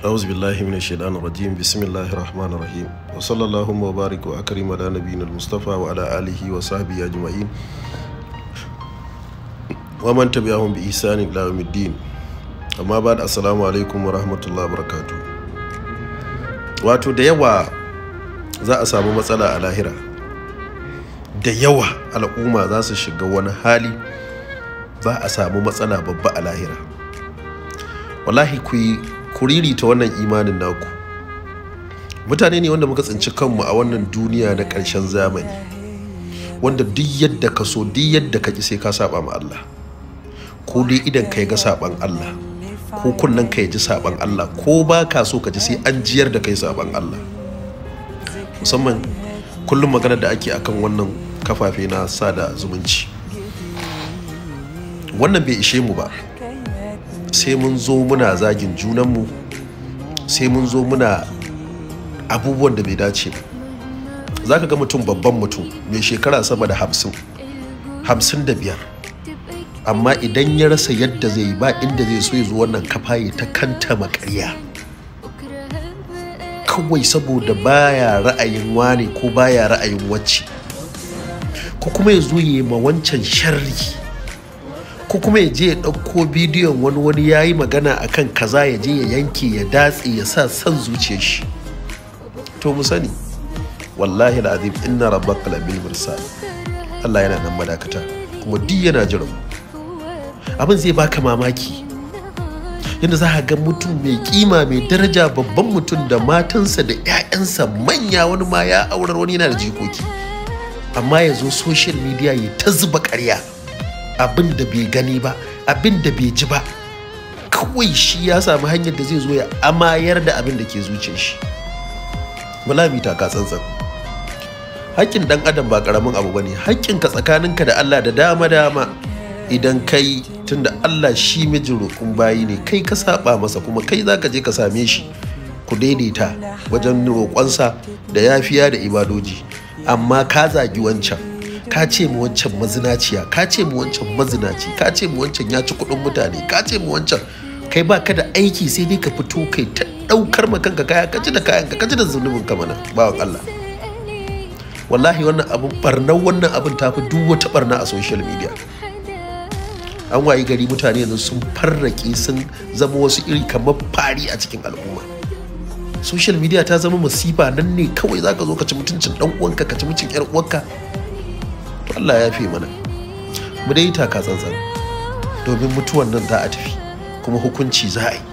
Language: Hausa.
أعوذ بالله من الشيطان الرجيم بسم الله الرحمن الرحيم وصلى اللهم وبارك وأكرم على نبينا المصطفى وعلى آله وصحبه أجمعين ومن تبعهم بإحسان إلى يوم الدين أما بعد السلام عليكم ورحمة الله وبركاته wato da yawa za a samu matsala a lahira da yawa al'umma za su shiga wani hali ba a samu matsala babba a lahira wallahi ku yi ku ta wannan imanin naku mutane ne wanda muka tsinci kanmu a wannan duniya na ƙarshen zamani wanda duk yadda ka so duk yadda ka ki sai ka saba ma Allah ko dai idan ka ga saban Allah ko kunnen ka ji saban Allah ko ba ka so ka ji sai an jiyar da kai saban Allah musamman kullum magana da ake akan wannan kafafe na sada zumunci wannan bai ishe mu ba sai mun zo muna zagin junanmu sai mun zo muna abubuwan da bai dace za ka ga mutum babban mutum mai shekara sama da hamsin hamsin da biyar amma idan ya rasa yadda zai yi ba inda zai so ya zo wannan kafa ya ta kanta makarya kawai saboda baya ra'ayin wane ko baya ra'ayin wacce ko kuma ya zo ya yi ma wancan sharri ko kuma ya je ya ɗauko bidiyon wani wani ya yi magana a kan kaza ya je ya yanke ya datse ya sa son zuciyar shi to mu sani wallahi azim inna rabbaka labil mursal Allah yana nan madakata kuma duk yana jiran abin zai baka mamaki yadda za a ga mutum mai kima mai daraja babban mutum da matansa da 'ya'yansa manya wani ma ya aurar wani yana da jikoki amma ya zo social media ya ta zuba karya. abin da bai gani ba abin da bai ji ba kawai shi ya samu hanyar da zai zo ya amayar da abin da ke zuce shi wala mi taka tsantsan hakkin dan adam ba karamin abu bane hakkin ka tsakaninka da Allah da dama dama idan kai tunda Allah shi mijin rokun bayi ne kai ka saba masa kuma kai zaka je ka same shi ku daidaita wajen roƙonsa da yafiya da ibadoji amma ka zagi wancan ka ce mu wancan mazinaciya ka ce mu wancan mazinaci ka ce mu wancan ya ci kuɗin mutane ka ce mu wancan kai ba ka da aiki sai dai ka fito kai ta ɗaukar ma kanka kaya ka ci da kayan ka ci da zunubin ka mana bawan Allah wallahi wannan abin barnar wannan abin ta fi duk wata barna a social media an wayi gari mutane yanzu sun farraki sun zama wasu iri kamar fari a cikin al'umma social media ta zama masifa nan ne kawai zaka zo ka ci mutuncin dan uwanka ka ci mutuncin yar uwanka Allah ya fi mana mu dai taka tsantsan domin mutuwan nan za a tafi kuma hukunci za a yi